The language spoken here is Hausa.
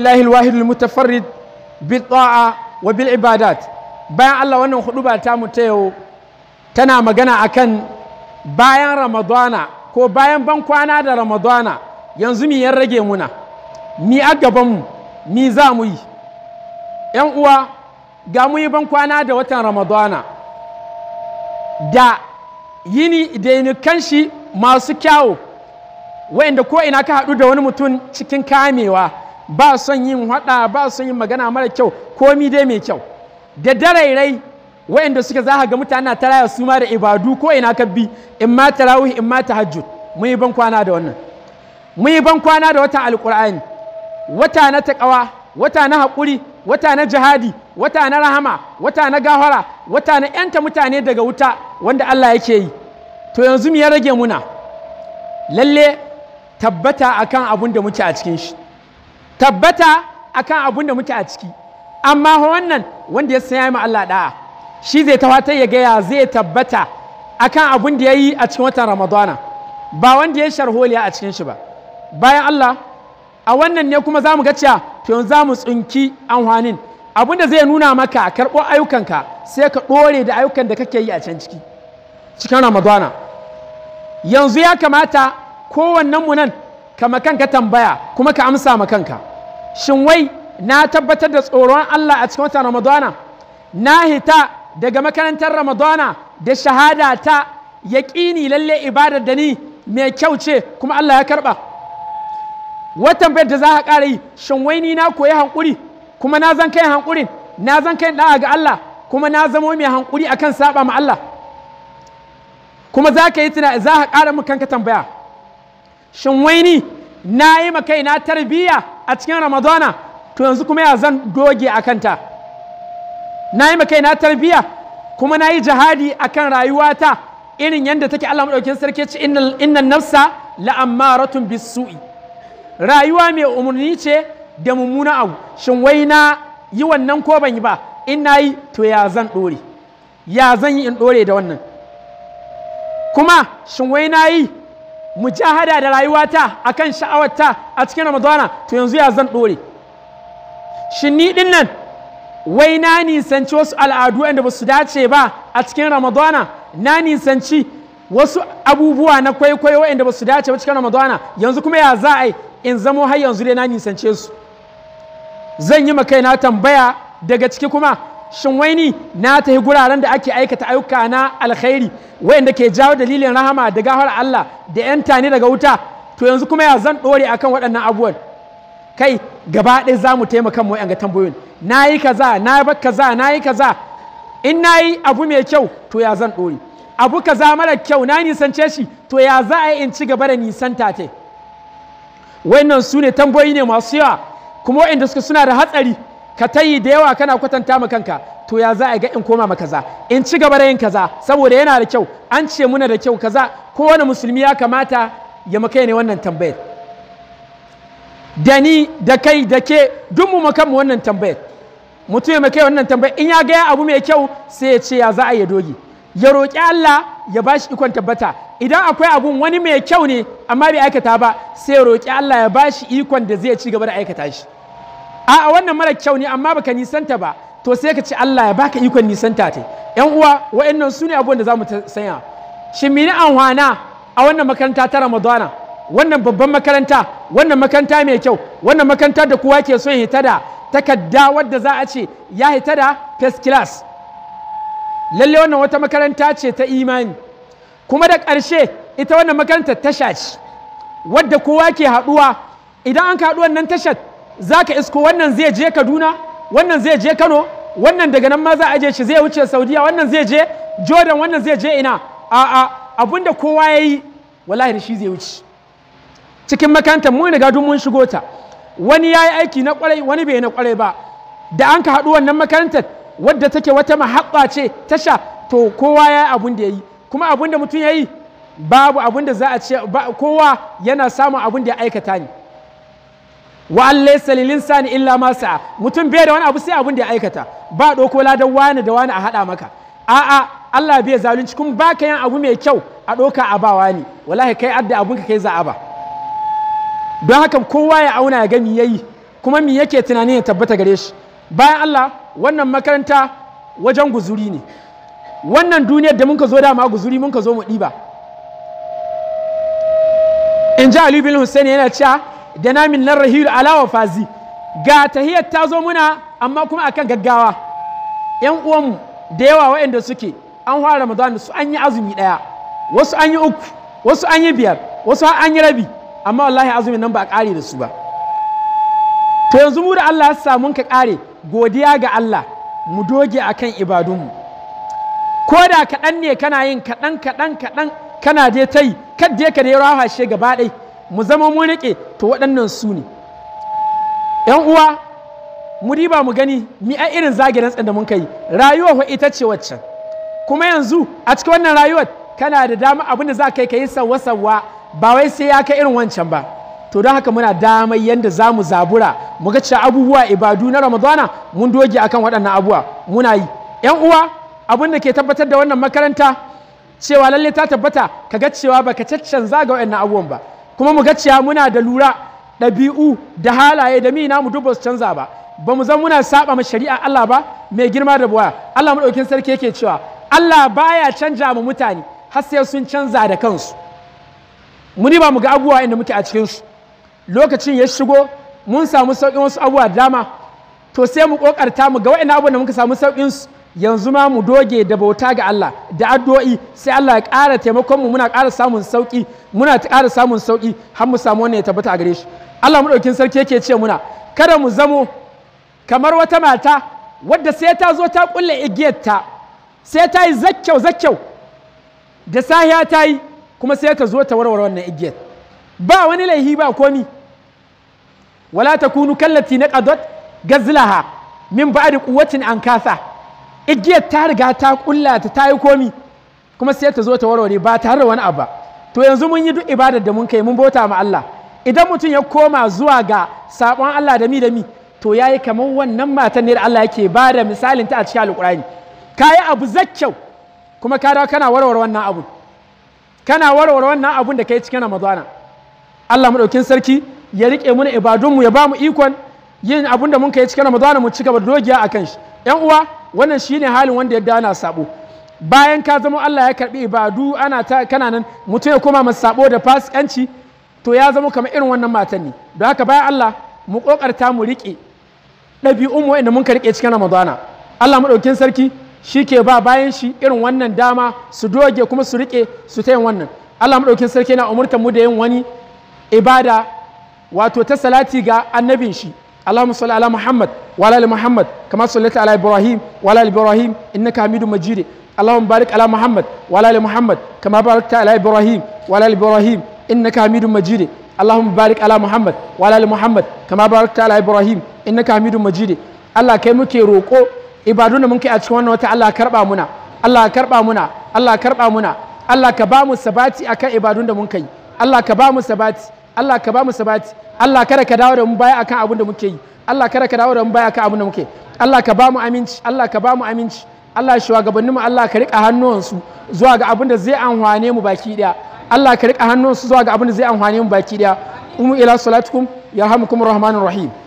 الله الواحد المتفرد بالطاعة وبالعبادات bayan Allah wannan hudu ba ta ta yau tana magana akan bayan Ramadana ko bayan ban kwana da Ramadana yanzu mi yan rage muna mi a gaban yan uwa ga mu ban kwana da watan Ramadana da yini da yinikan shi masu kyawu wa'inda ko ka haɗu da wani mutum cikin kamewa ba son yin haɗa ba son yin magana mara kyau komi dai mai kyau da darairai wayanda suka za ga mutane ta raya su ma da ibadu ko ina kabbi in ma tarawih in ma tahajjud mun yi ban kwana da wannan mun yi ban kwana da watan alqur'ani wata na taqwa wata na haƙuri wata na jihadi wata na rahama wata na gahara wata na yanta mutane daga wuta wanda Allah yake yi to yanzu mu ya rage muna lalle tabbata akan abun da muke a cikin shi tabbata akan abun da muke a ciki amma wannan wanda ya saya ma Allah da'a shi zai wata ya gaya zai tabbata akan abun da ya yi a cikin watan ramadana ba wanda ya sharholiya a cikin shi ba bayan Allah a wannan ne kuma za mu ga cewa to yanzu za mu tsunki amfanin abin da zai nuna maka karɓo ayyukanka sai ka ɗore da ayyukan da kake yi a can ciki cikin ramadana yanzu ya kamata kowannen mu nan ka kanka tambaya kuma ka amsa ma kanka. shin wai na tabbatar da tsoron Allah a cikin watan Ramadana na hita daga makarantar Ramadana da shahada ta yaqini lalle ibadar da ni mai kyau ce kuma Allah ya karɓa watan bai da za ka ƙara yi shin wai ni na koyi hankuri kuma na zan kai hankurin na zan kai da'a ga Allah kuma na zamo mai hankuri akan saba ma Allah kuma za ka yi tuna za ka ƙara mu kanka tambaya shin waini na yi kai na tarbiyya a cikin ramadana to yanzu kuma ya zan doge a kanta na yi kai na tarbiyya kuma na yi jihadi a kan rayuwata irin yadda take allah maɗaukin sarki ci innan nafsa ratun bisu'i rayuwa mai umarni ce da mummuna abu shin wai na yi wannan ko ban yi ba in na yi to ya zan ɗore ya zan yi in dore da wannan kuma shin wai na yi mujahada da rayuwata akan sha'awarta a cikin ramadana to yanzu ya zan dore shin ni din nan wai na nisanci wasu al'adu inda ba su dace ba a cikin ramadana na nisanci wasu abubuwa na kwaikwayo wanda ba su dace ba cikin ramadana yanzu kuma ya za a yi in zamo har yanzu dai na nisance su zan yi ma kaina tambaya daga ciki kuma shin wai ni na tafi guraren da ake aikata ayyuka na alkhairi wayanda ke jawo dalilin rahama da gafar Allah da yan ne daga wuta to yanzu kuma ya zan dore akan waɗannan abubuwan kai gaba ɗaya za mu taimaka mu ga tambayoyin na yi kaza na baka kaza na yi kaza in na yi abu mai kyau to ya zan dore abu kaza mara kyau na nisance shi to ya za a yi in ci gaba da nisanta ta wannan su ne tambayoyi ne masu yawa kuma waɗanda suka suna da hatsari ka ta yi da yawa kana kwatanta ma kanka to ya za a ga in koma ma kaza in ci gaba da yin kaza saboda yana da kyau an ce muna da kyau kaza kowane musulmi ya kamata ya maka ne wannan tambayar da ni da kai da ke duk mu makan mu wannan tambayar mutum ya maka wannan tambayar in ya ga abu mai kyau sai ya ce ya za a ya dogi ya roƙi Allah ya ba shi ikon tabbata idan akwai abun wani mai kyau ne amma bai aikata ba sai ya roƙi Allah ya ba shi ikon da zai ci gaba da aikata shi a'a wannan mara kyau ne amma baka nisanta ba to sai ka ci Allah ya baka ikon nisanta ta yan uwa wa'annan su ne abubuwan da za zamu sanya shin an anhwana a wannan makaranta ta Ramadana wannan babban makaranta wannan makaranta mai kyau wannan makaranta da kowa ke son hita da takadda wadda za a ce ya hita da first class lalle wannan wata makaranta ce ta imani kuma da ƙarshe ita wannan makaranta tasha ce wadda kowa ke haɗuwa idan an ka haɗu nan tashar za ka isko wannan zai je kaduna wannan zai je kano wannan daga nan ma za a je shi zai wuce saudiya wannan zai je jordan wannan zai je ina a'a abinda kowa ya yi wallahi shi zai wuce cikin makarantar mu riga duk mun shigo ta wani ya aiki na kwarai wani bai na kwarai ba da an ka haɗu wannan makarantar wadda take wata mahaɓɓa ce tasha to kowa ya yi abin da ya kuma abin da mutum ya babu abin da za a ce kowa yana samun abin da ya aikata ne wa allai salilin sani illa ma sa'a mutum bai da wani abu sai abin da ya aikata ba doko ladan wani da wani a haɗa maka a'a Allah bai zalunci kuma baka yin abu mai kyau a doka a ba wani wallahi kai adda abun ka kai za'a ba don haka kowa ya auna ya ga yayi kuma me yake tunani ya tabbata gare shi bayan Allah wannan makaranta wajen guzuri ne wannan duniyar da muka zo da ma guzuri muka zo mu ɗiba in ji Ali bin Hussein yana cewa da namin nan rahiru alawa fazi ga tahiyar ta zo muna amma kuma akan gaggawa yan uwanmu da yawa waɗanda suke an fara ramadan su an yi azumi ɗaya wasu an yi uku wasu an yi biyar wasu an yi rabi amma wallahi azumin nan ba a ƙare da su ba to yanzu mu da Allah ya samu ka ƙare godiya ga Allah mu doge akan ibadunmu ko da kaɗan ne kana yin kaɗan kaɗan kaɗan kana je ta yi kadda ka dai rahashe gaba ɗaya mu zama mu rike to waɗannan su ne ‘yan uwa mu riba mu gani mi a irin zagirin tsan da mun kai rayuwa ita ce waccan kuma yanzu a cikin wannan rayuwar kana da dama abin da za ka kai ka yi sawa-sawa ba wai sai ya kai irin wancan ba to don haka muna damar yadda za mu zabura mu ga cewa abubuwa ibadu na ramadana mun doge akan waɗannan abubuwa muna yi ‘yan uwa abin da ke tabbatar da wannan makaranta cewa lalle ta tabbata ka ga cewa baka caccan ga waɗannan abuwan ba kuma mu ga cewa muna da lura ɗabi'u da halaye da mina mu dubba su canza ba ba mu zan muna saba ma shari'a Allah ba mai girma da buwa Allah maɗaukin sarki yake cewa Allah baya canja mu mutane har sai sun canza da kansu muni ba mu ga abubuwa inda muke a cikin su lokacin ya shigo mun samu sauƙin wasu abubuwa dama to sai mu ƙoƙarta mu ga waɗannan abubuwan da muka samu sauƙin su yanzu ma mu doge da bauta ga Allah da addu'o'i sai Allah ya ƙara taimakon mu muna ƙara samun sauki muna ta ƙara samun sauki har mu samu wannan ya tabbata a gare shi Allah mu madaukin sarki yake ce muna kada mu zamo kamar wata mata wadda sai ta zo ta kulle igiyarta sai ta yi zakkau zakkau da sahiya ta yi kuma sai ta zo ta warware wannan igiyar ba wani laihi ba komi wala takunu kallati naqadat gazlaha min ba'di quwwatin ankasa igiyar ta riga ta kulla ta ta yi komi kuma sai ta zo ta warware ba tare da wani abu ba to yanzu mun yi duk ibadar da mun kai mun bauta ma Allah idan mutum ya koma zuwa ga sabon Allah da mi da mi to yayi kamar wannan matan ne da Allah yake ba da misalin ta a cikin alkurani kai abu zakkau kuma ka dawo kana warware wannan abu kana warware wannan abun da kai cikin Ramadana Allah daukin sarki ya rike muna ibadunmu ya ba mu ikon yin abun da mun kai cikin Ramadana mu cika da dogiya akan shi yan uwa wannan shine halin wanda ya dana sabo bayan ka zama Allah ya karbi ibadu ana ta kana nan mutum ya koma masa sabo da fasikanci to ya zama kamar irin wannan matan ne don haka bayan Allah mu kokarta mu rike ɗabi'un wa'anda mun rike cikin Ramadana Allah madaukin sarki shi ke ba bayan shi irin wannan dama su doge kuma su rike su ta yin wannan Allah madaukin sarki na umurtar mu da yin wani ibada wato ta salati ga annabin shi اللهم صل على محمد وعلى ال محمد كما صليت على ابراهيم وعلى ال ابراهيم انك حميد مجيد اللهم بارك على محمد وعلى ال محمد كما باركت على ابراهيم وعلى ال ابراهيم انك حميد مجيد اللهم بارك على محمد وعلى ال محمد كما باركت على ابراهيم انك حميد مجيد الله كاي muke roko ibadun da muke a cikin wannan wata Allah karba muna Allah karba muna Allah karba muna Allah ka ba mu sabati akan ibadun da mun kai Allah ka ba mu sabati Allah ka ba mu sabati Allah kada ka dawo da mu baya akan abin da muke yi Allah kada ka dawo da mu baya akan abin da muke Allah ka ba mu aminci Allah ka ba mu aminci Allah shugabannin mu Allah ka rika hannuwansu zuwa ga abin da zai anhwane mu baki daya Allah ka rika hannuwansu zuwa ga abin da zai anhwane mu baki daya umu ila salatukum yarhamukum rahmanur rahim